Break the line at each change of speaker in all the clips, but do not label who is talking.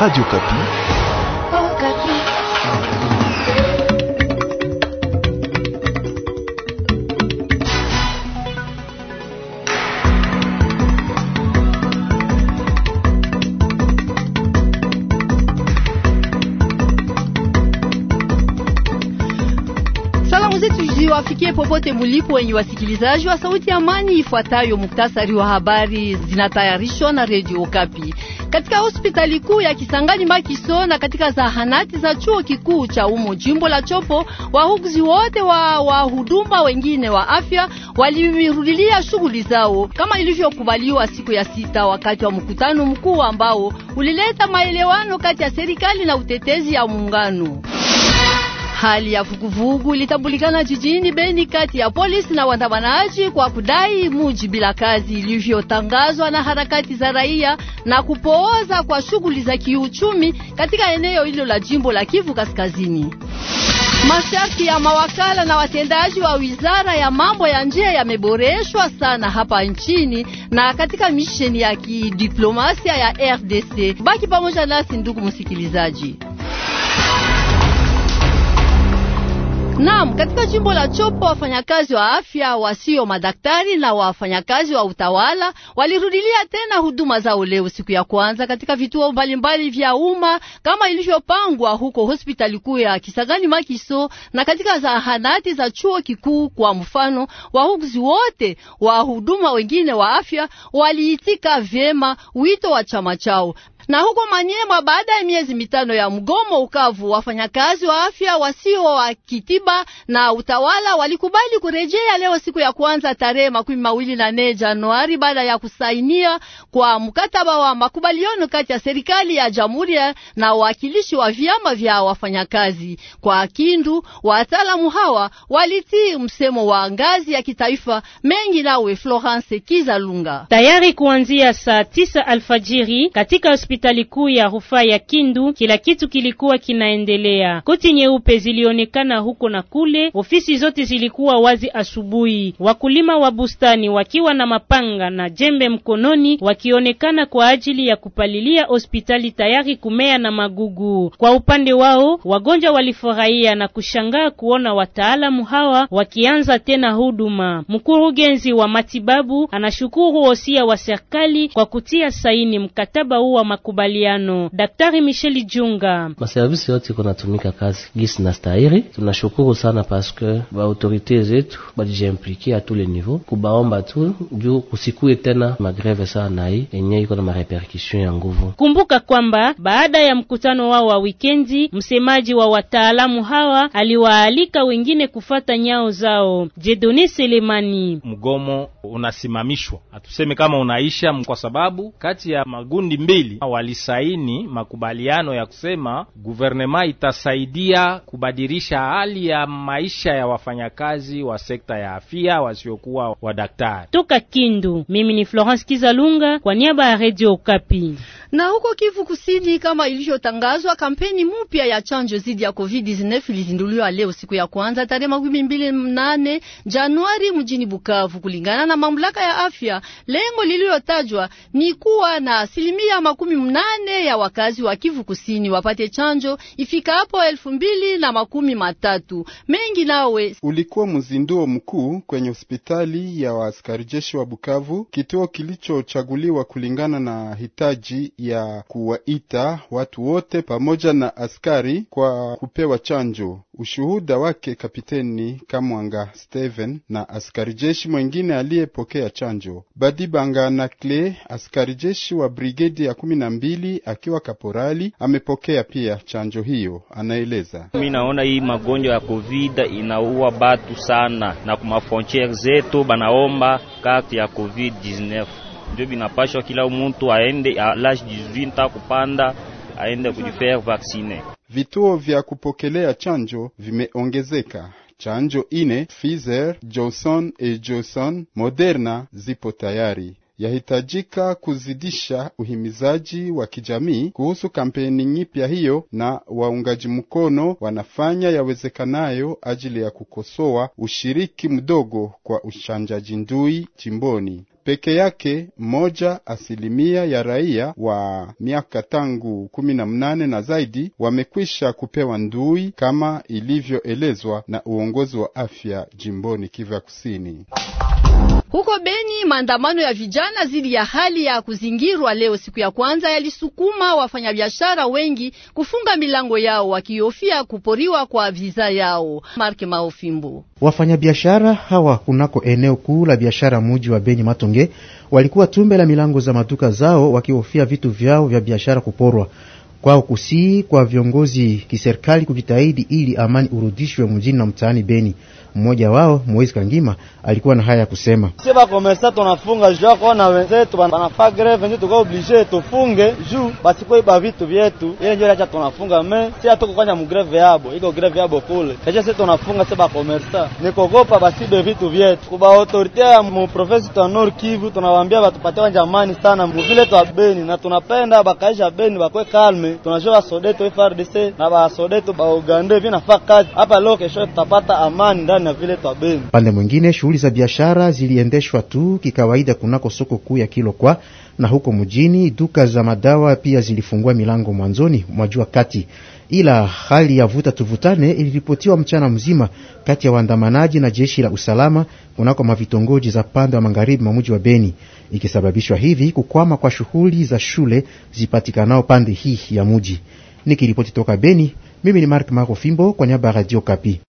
Radio Kapi. Oh, Kapi.
Salamu zetu ziwafikie popote mulipo, wenye wasikilizaji wa Sauti ya Amani. Ifuatayo muktasari wa habari zinatayarishwa na Radio Kapi katika hospitali kuu ya Kisangani Makiso na katika zahanati za chuo kikuu cha Umo jimbo la Chopo. Wahuguzi wote wa wahuduma wengine wa afya walimirudilia shughuli zao kama ilivyokubaliwa siku ya sita wakati wa mkutano mkuu ambao ulileta maelewano kati ya serikali na utetezi ya muungano. Hali ya vuguvugu ilitambulikana jijini Beni kati ya polisi na waandamanaji kwa kudai muji bila kazi ilivyotangazwa na harakati za raia na kupooza kwa shughuli za kiuchumi katika eneo hilo la jimbo la Kivu Kaskazini. Masharti ya mawakala na watendaji wa wizara ya mambo ya nje yameboreshwa sana hapa nchini na katika misheni ya kidiplomasia ya RDC. Baki pamoja nasi ndugu msikilizaji. Naam, katika jimbo la Chopo wafanyakazi wa afya wasio madaktari na wafanyakazi wa utawala walirudilia tena huduma zao leo siku ya kwanza katika vituo mbalimbali vya umma kama ilivyopangwa huko hospitali kuu ya Kisangani Makiso na katika zahanati za chuo kikuu. Kwa mfano, wahuguzi wote wa huduma wengine wa afya waliitika vyema wito wa chama chao. Na huko Manyema, baada ya miezi mitano ya mgomo ukavu, wafanyakazi wa afya wasio wa kitiba na utawala walikubali kurejea leo siku ya kwanza tarehe makumi mawili na nne Januari baada ya kusainia kwa mkataba wa makubaliano kati ya serikali ya jamhuri na wawakilishi wa vyama vya wafanyakazi kwa Kindu. Wataalamu hawa walitii msemo wa ngazi ya kitaifa mengi. Nawe Florence Kizalunga,
tayari kuanzia saa tisa alfajiri katika hospitali hospitali kuu ya rufaa ya Kindu, kila kitu kilikuwa kinaendelea. Koti nyeupe zilionekana huko na kule, ofisi zote zilikuwa wazi asubuhi. Wakulima wa bustani wakiwa na mapanga na jembe mkononi wakionekana kwa ajili ya kupalilia hospitali tayari kumea na magugu. Kwa upande wao, wagonjwa walifurahia na kushangaa kuona wataalamu hawa wakianza tena huduma. Mkurugenzi wa matibabu anashukuru wosia wa serikali kwa kutia saini mkataba huu wa makubaliano. Daktari Michel Junga:
maservisi yote kunatumika kazi gisi na stahiri. Tunashukuru sana paske baautorite zetu balijimplike a tous les niveaux, kubaomba tu juu kusikue tena magreve sana nai enye iko na marepercussion ya nguvu.
Kumbuka kwamba baada ya mkutano wao wa wikendi, msemaji wa wataalamu hawa aliwaalika wengine kufata nyao zao. Jedoni Selemani:
mgomo unasimamishwa, hatuseme kama unaisha, kwa sababu kati ya magundi mbili walisaini makubaliano ya kusema guvernema itasaidia kubadilisha hali ya maisha ya wafanyakazi wa sekta ya afya wasiokuwa wadaktari.
Toka Kindu, mimi ni Florence Kizalunga kwa niaba ya Radio Okapi. Na
huko Kivu Kusini, kama ilivyotangazwa, kampeni mpya ya chanjo dhidi ya COVID-19 ilizinduliwa leo siku ya kwanza tarehe makumi mbili nane Januari mjini Bukavu, kulingana na mamlaka ya afya. Lengo lililotajwa ni kuwa na asilimia makumi mnane ya wakazi wa Kivu Kusini wapate chanjo ifikapo elfu mbili na makumi matatu mengi. Nawe
ulikuwa mzinduo mkuu kwenye hospitali ya waaskari jeshi wa Bukavu, kituo kilichochaguliwa kulingana na hitaji ya kuwaita watu wote pamoja na askari kwa kupewa chanjo. Ushuhuda wake Kapiteni Kamwanga Steven na askari jeshi mwengine aliyepokea chanjo Badibanga na Kle, askari jeshi wa brigedi ya kumi na mbili akiwa kaporali amepokea pia chanjo hiyo. Anaeleza,
mimi naona hii magonjwa ya covid inaua batu sana, na kumafrontiere zetu banaomba kati ya covid 19 ndio binapashwa kila mtu aende alash 18 kupanda aende kujifere vaksine.
Vituo vya kupokelea chanjo vimeongezeka chanjo ine Pfizer, Johnson e Johnson, Moderna zipo tayari yahitajika kuzidisha uhimizaji wa kijamii kuhusu kampeni nyipya hiyo, na waungaji mkono wanafanya yawezekanayo ajili ya kukosoa ushiriki mdogo kwa uchanjaji ndui jimboni peke yake moja asilimia ya raia wa miaka tangu kumi na mnane na zaidi wamekwisha kupewa ndui kama ilivyoelezwa na uongozi wa afya jimboni Kivu Kusini.
Huko Beni, maandamano ya vijana zidi ya hali ya kuzingirwa leo siku ya kwanza yalisukuma wafanyabiashara wengi kufunga milango yao wakihofia kuporiwa kwa viza yao. Mark Maofimbo.
Wafanyabiashara hawa kunako eneo kuu la biashara muji wa Beni Matonge walikuwa tumbe la milango za maduka zao wakihofia vitu vyao vya biashara kuporwa kwao kusii kwa viongozi kiserikali kujitahidi ili amani urudishwe mjini na mtaani Beni. Mmoja wao Moise Kangima alikuwa na haya ya kusema: si
bakomersa tunafunga juu akona wenzetu banafaa greve, ndio tuko oblige tufunge juu basikoiba vitu vyetu, ile ndio acha tunafunga me si atuko kwanja mugreve yabo, iko greve yabo kule acha sisi tunafunga. Si bakomersa nikogopa basibe vitu vyetu kuba autorite ya muprofesi twa Nord Kivu, tunawaambia batupatie wanja amani sana muvile twa Beni na tunapenda bakaisha Beni bakwe kalme, tunajua basodeto frdc na basodeto baugande vinafaa kazi hapa leo, kesho tutapata amani ndani na vile tabeni.
Pande mwingine shughuli za biashara ziliendeshwa tu kikawaida kunako soko kuu ya Kilokwa na huko mjini duka za madawa pia zilifungua milango mwanzoni mwa jua kati, ila hali ya vuta tuvutane iliripotiwa mchana mzima kati ya waandamanaji na jeshi la usalama kunako mavitongoji za pande wa magharibi mwa mji wa Beni, ikisababishwa hivi kukwama kwa shughuli za shule zipatikanao pande hii ya mji. Nikiripoti toka Beni, mimi ni Mark Maro Fimbo kwa niaba ya Radio Kapi.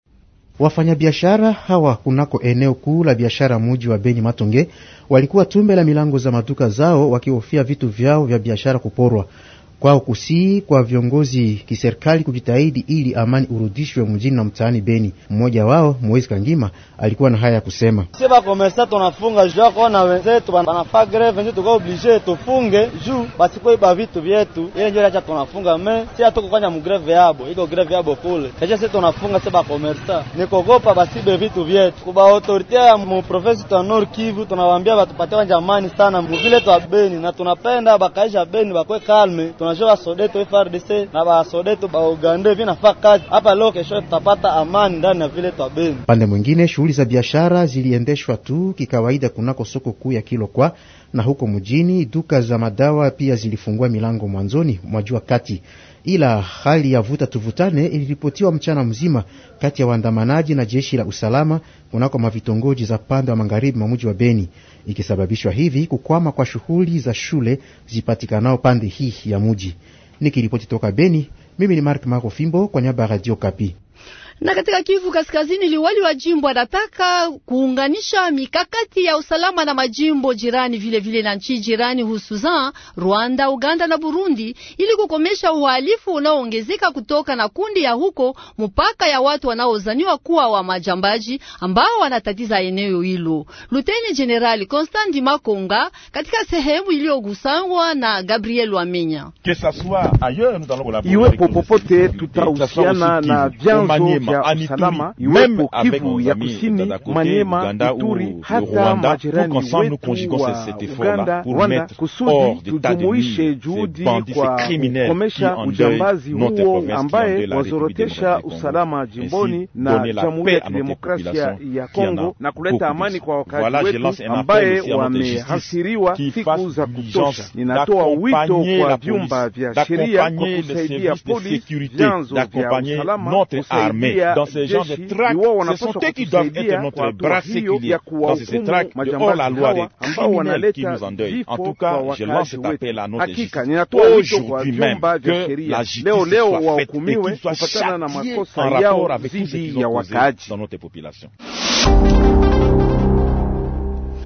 Wafanyabiashara hawa kunako eneo kuu la biashara muji wa Beni Matonge walikuwa tumbe la milango za maduka zao wakihofia vitu vyao vya biashara kuporwa kwao kusii kwa viongozi kiserikali kujitahidi ili amani urudishwe mjini na mtaani Beni. Mmoja wao Moise Kangima alikuwa na haya ya kusema:
si bakomersa tunafunga juu na wenzetu banafaa greve, ndio tuko oblige tufunge juu basikoiba vitu vyetu, ile ndio acha tunafunga me si atukufanya mgreve yabo, iko greve yabo kule kacha, si tunafunga si bakomersa nikogopa basibe vitu vyetu kuba autorite ya muprofesi twa Nord Kivu, tunawaambia batupatie wanja amani sana muvile twa Beni na tunapenda bakaisha Beni bakwe kalme tuna major ya Sodeto FRDC na ba Sodeto ba Uganda vinafaa kazi hapa leo, kesho tutapata amani ndani ya vile twa
Pande mwingine shughuli za biashara ziliendeshwa tu kikawaida kunako soko kuu ya kwa na huko mjini duka za madawa pia zilifungua milango mwanzoni mwa jua kati, ila hali ya vuta tuvutane iliripotiwa mchana mzima kati ya waandamanaji na jeshi la usalama kunako mavitongoji za pande wa magharibi mwa mji wa Beni, ikisababishwa hivi kukwama kwa shughuli za shule zipatikanao pande hii ya mji muji. Nikiripoti toka Beni, mimi ni Mark Mako Fimbo kwa nyaba ya Radio Kapi.
Na katika Kivu Kaskazini, liwali wa jimbo anataka kuunganisha mikakati ya usalama na majimbo jirani vilevile vile na nchi jirani hususan Rwanda, Uganda na Burundi ili kukomesha uhalifu unaoongezeka kutoka na kundi ya huko mpaka ya watu wanaozaniwa kuwa wa majambaji ambao wanatatiza eneo hilo. Luteni Jenerali Constant Makonga katika sehemu iliyogusangwa na Gabriel Wamenya.
Iwepo popote tutahusiana na vyanzo ya usalama iwepo Kivu ya Kusini, Maniema, Ituri, hata majirani wetu wa Uganda, Rwanda, kusudi tujumuishe juhudi kwa kukomesha ujambazi huo ambaye wazorotesha usalama jimboni na Jamhuri ya Kidemokrasia ya Kongo na kuleta amani kwa wakazi wetu ambaye wamehasiriwa siku za kutosha. Ninatoa wito kwa vyumba vya sheria kwa kusaidia polisi, vyanzo vya usalama dans ce genre de tracts, ce sont eux qui doivent être notre bras séculier dans ces tracts de hors la loi des criminels qui nous endeuillent. En tout cas, je lance cet appel à notre justice aujourd'hui même que la hein. justice soit faite et qu'il soit châtié en rapport avec tout ce qu'ils ont causé dans notre population.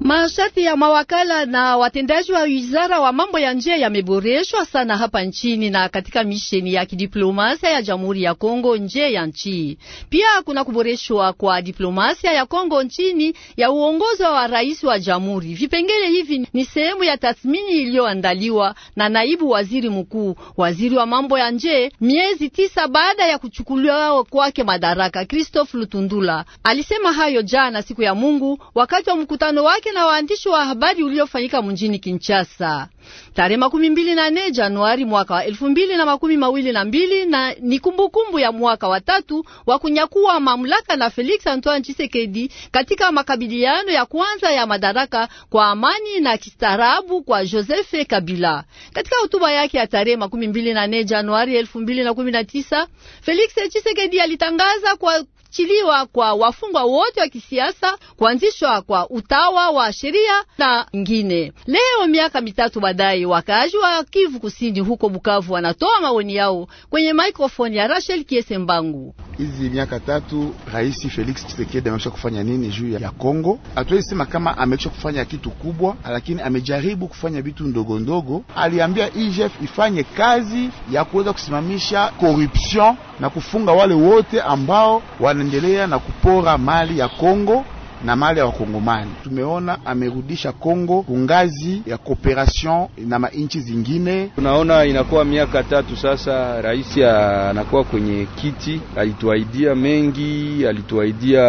Masharti ya mawakala na watendaji wa wizara wa mambo ya nje yameboreshwa sana hapa nchini na katika misheni ya kidiplomasia ya Jamhuri ya Kongo nje ya nchi. Pia kuna kuboreshwa kwa diplomasia ya Kongo nchini ya uongozi wa rais wa jamhuri. Vipengele hivi ni sehemu ya tathmini iliyoandaliwa na naibu waziri mkuu, waziri wa mambo ya nje, miezi tisa baada ya kuchukuliwa kwake madaraka. Christophe Lutundula alisema hayo jana siku ya Mungu wakati wa mkutano wake wake na waandishi wa habari uliofanyika mjini Kinshasa tarehe makumi mbili na nne Januari mwaka wa elfu mbili na makumi mawili na mbili na ni kumbukumbu kumbu ya mwaka wa tatu wa kunyakuwa mamlaka na Felix Antoine Tshisekedi katika makabiliano ya kwanza ya madaraka kwa amani na kistaarabu kwa Joseph Kabila. Katika hotuba yake ya tarehe makumi mbili na nne Januari elfu mbili na kumi na tisa Felix Tshisekedi alitangaza kwa kuachiliwa kwa wafungwa wote wa kisiasa, kuanzishwa kwa utawa wa sheria na ngine. Leo miaka mitatu baadaye, wakaaji wa Kivu Kusini huko Bukavu wanatoa maoni yao kwenye maikrofoni ya Rachel Kiese Mbangu
hizi miaka tatu Rais Felix Tshisekedi amesha kufanya nini juu ya Kongo? Hatuwezi sema kama amesha kufanya kitu kubwa, lakini amejaribu kufanya vitu ndogo ndogo. Aliambia IGF ifanye kazi ya kuweza kusimamisha corruption na kufunga wale wote ambao wanaendelea na kupora mali ya Kongo na mali ya Wakongomani. Tumeona amerudisha Kongo kungazi ya kooperation na mainchi zingine.
Tunaona inakuwa
miaka tatu sasa, rais anakuwa kwenye kiti. Alituaidia mengi, alituaidia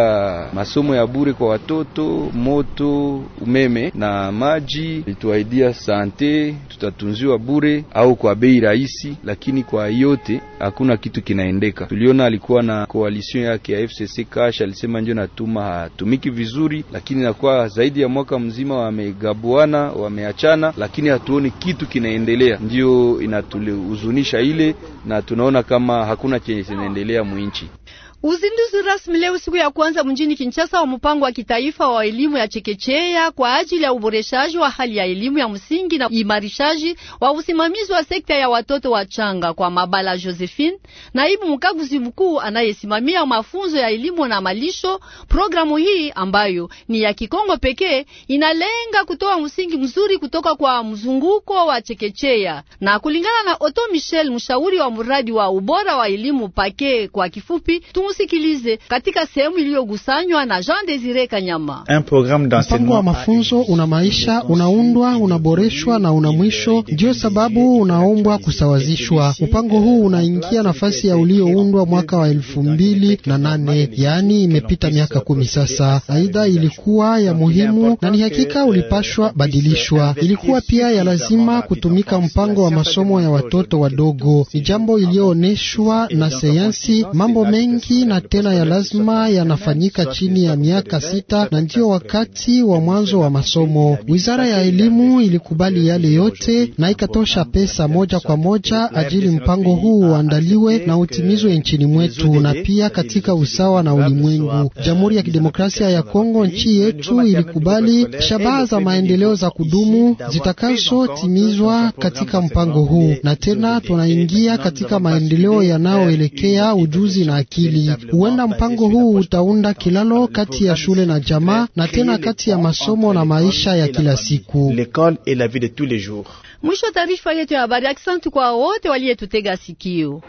masomo ya bure kwa watoto, moto, umeme na maji, alituaidia sante, tutatunziwa bure au kwa bei rahisi, lakini kwa yote hakuna kitu kinaendeka. Tuliona alikuwa na koalision yake ya FCC Kash, alisema ndio natuma, hatumiki vizuri, lakini nakuwa zaidi ya mwaka mzima wamegabuana, wameachana, lakini hatuoni kitu kinaendelea. Ndio inatulihuzunisha ile, na tunaona kama hakuna chenye kinaendelea mwinchi.
Uzinduzi
rasmi leo siku ya kwanza mjini Kinshasa wa mpango wa kitaifa wa elimu ya chekechea kwa ajili ya uboreshaji wa hali ya elimu ya msingi na imarishaji wa usimamizi wa sekta ya watoto wachanga kwa Mabala Josephine, naibu mkaguzi mkuu anayesimamia mafunzo ya elimu na malisho. Programu hii ambayo ni ya Kikongo pekee inalenga kutoa msingi mzuri kutoka kwa mzunguko wa chekechea, na kulingana na Otto Michel, mshauri wa mradi wa ubora wa elimu pake kwa kifupi tumusikilize katika sehemu iliyogusanywa na Jean Desire Kanyama.
Mpango wa mafunzo una maisha, unaundwa, unaboreshwa na una mwisho, ndiyo sababu unaombwa kusawazishwa. Mpango huu unaingia nafasi ya ulioundwa mwaka wa elfu mbili na nane, yaani imepita miaka kumi sasa. Aidha, ilikuwa ya muhimu na ni hakika ulipashwa badilishwa. Ilikuwa pia ya lazima kutumika mpango wa masomo ya watoto wadogo, ni jambo iliyooneshwa na sayansi. Mambo mengi na tena ya lazima yanafanyika chini ya miaka sita na ndio wakati wa mwanzo wa masomo. Wizara ya elimu ilikubali yale yote na ikatosha pesa moja kwa moja ajili mpango huu uandaliwe na utimizwe nchini mwetu na pia katika usawa na ulimwengu. Jamhuri ya Kidemokrasia ya Kongo, nchi yetu, ilikubali shabaha za maendeleo za kudumu zitakazotimizwa katika mpango huu, na tena tunaingia katika maendeleo yanayoelekea ujuzi na akili. Huenda mpango huu utaunda kilalo kati ya shule na jamaa na tena kati ya masomo na maisha ya
kila siku.
Mwisho taarifa yetu ya habari. Asante kwa wote waliyetutega sikio.